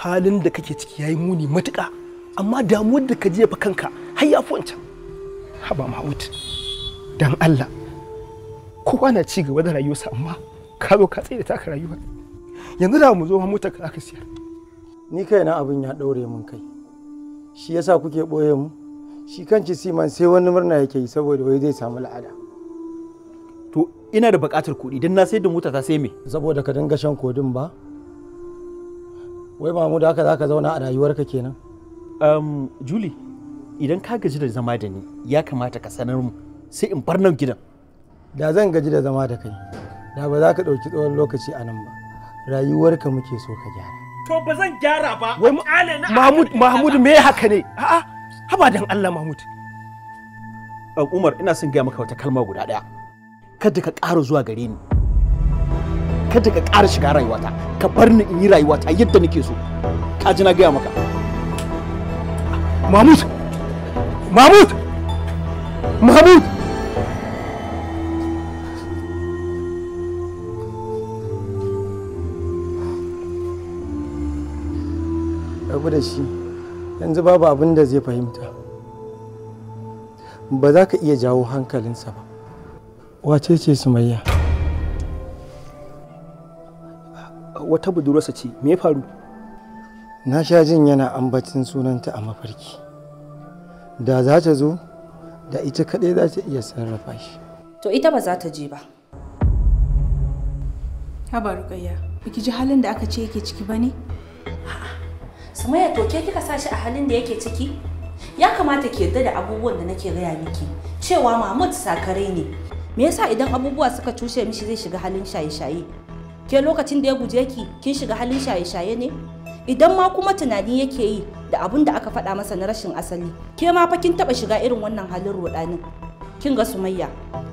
halin da kake ciki yayi muni matuƙa amma damuwar da ka jefa kanka har ya fi wancan haba mahmud dan allah kowa na ci gaba da rayuwarsa amma ka zo ka tsaye da taka rayuwa yanzu da mu zo mu ta ka siyar ni kaina abin ya daure mun kai shi yasa kuke boye mu shi kanci siman sai wani murna yake yi saboda wai zai samu la'ada to ina da buƙatar kuɗi don na sayar da mota ta sai me saboda ka dinga shan kodin ba wai mamu da haka zaka zauna a rayuwarka kenan um, julie idan ka gaji da zama da ni ya kamata ka sanar mu sai in bar nan gidan da zan gaji da zama da kai da ba za ka ɗauki tsawon lokaci a nan ba rayuwarka muke so ka gyara to ba zan gyara ba wai mahmud mahmud me haka ne a'a haba dan Allah mahmud umar ina son gaya maka wata kalma guda daya. kada ka ƙara zuwa gare ni kada ka ƙara shiga rayuwata ka bar ni in yi rayuwata yadda nake so ka ji na gaya maka mahmud Mahmud! Mahmud! Abu da shi, yanzu babu abin da zai fahimta. Ba za ka iya jawo hankalinsa ba. Wace ce Sumayya? Wata budurarsa ce, me faru? Na sha jin yana ambacin sunanta a mafarki. da za ta zo da ita kaɗai za ta iya sarrafa shi to ita ba za ta je ba haba rukayya biki ji halin da aka ce yake ciki ba ne samaya to ke kika sa shi a halin da yake ciki ya kamata ki yarda da abubuwan da nake gaya miki cewa mahmud sakare ne me yasa idan abubuwa suka cushe mishi zai shiga halin shaye-shaye ke lokacin da ya guje ki kin shiga halin shaye-shaye ne idan ma kuma tunani yake yi da abun da aka faɗa masa na rashin asali ke ma fa kin taɓa shiga irin wannan halin ruɗanin kin ga sumayya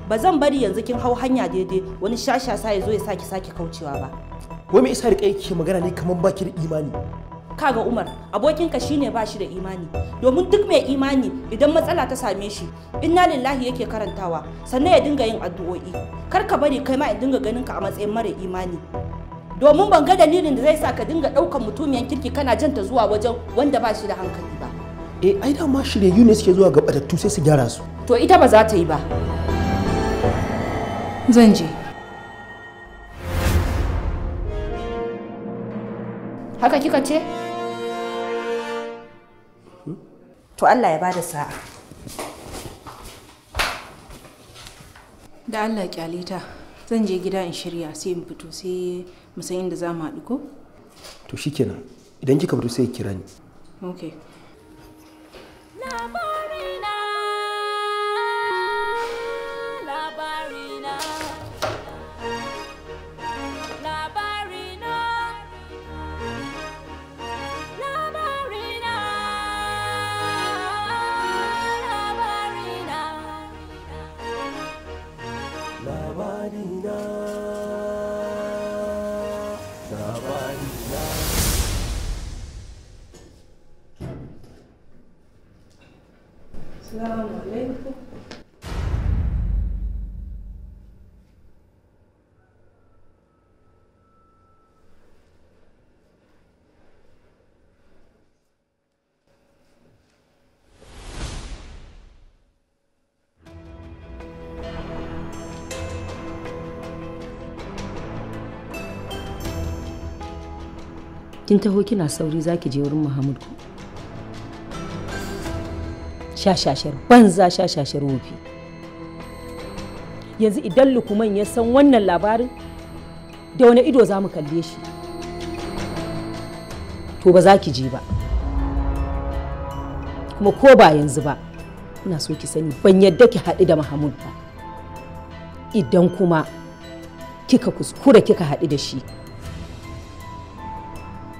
ba zan bari yanzu kin hau hanya daidai wani shashasa ya zo ya saki sake kaucewa ba wai me isa riƙa yake magana ne kamar baki da imani kaga umar abokinka shine ba shi da imani domin duk mai imani idan matsala ta same shi inna lillahi yake karantawa sannan ya dinga yin addu'o'i kar ka bari kai ma in dinga ganin ka a matsayin mara imani domin ban ga dalilin da zai sa ka dinga ɗaukan mutumiyan kirki kana janta zuwa wajen wanda ba shi da hankali ba eh ai da ma shiryayyu ne suke zuwa ga batattu sai su gyara su to ita ba za ta yi ba zan je haka kika ce hmm? to Allah ya bada sa'a da Allah kyaleta zan je gida in shirya sai in fito sai musan inda za mu haɗu ko? To shikenan idan kika fito sai kira ni. Okay. kin taho kina sauri zaki je wurin Muhammad ku shashashar banza shashashar wofi yanzu idan lukuman ya san wannan labarin da wani ido za mu kalle shi to ba za ki je ba kuma ko ba yanzu ba ina so ki sani ban yadda ki haɗu da Muhammad ba idan kuma kika kuskura kika haɗu da shi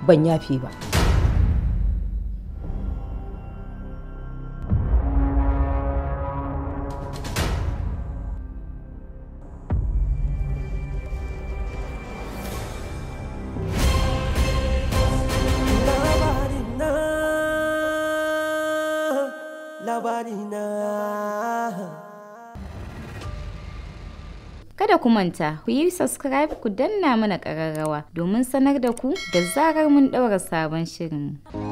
ban yafe ba ku manta ku yi subscribe ku danna mana ƙararrawa domin sanar da ku da zarar mun ɗaura sabon shirin. mu.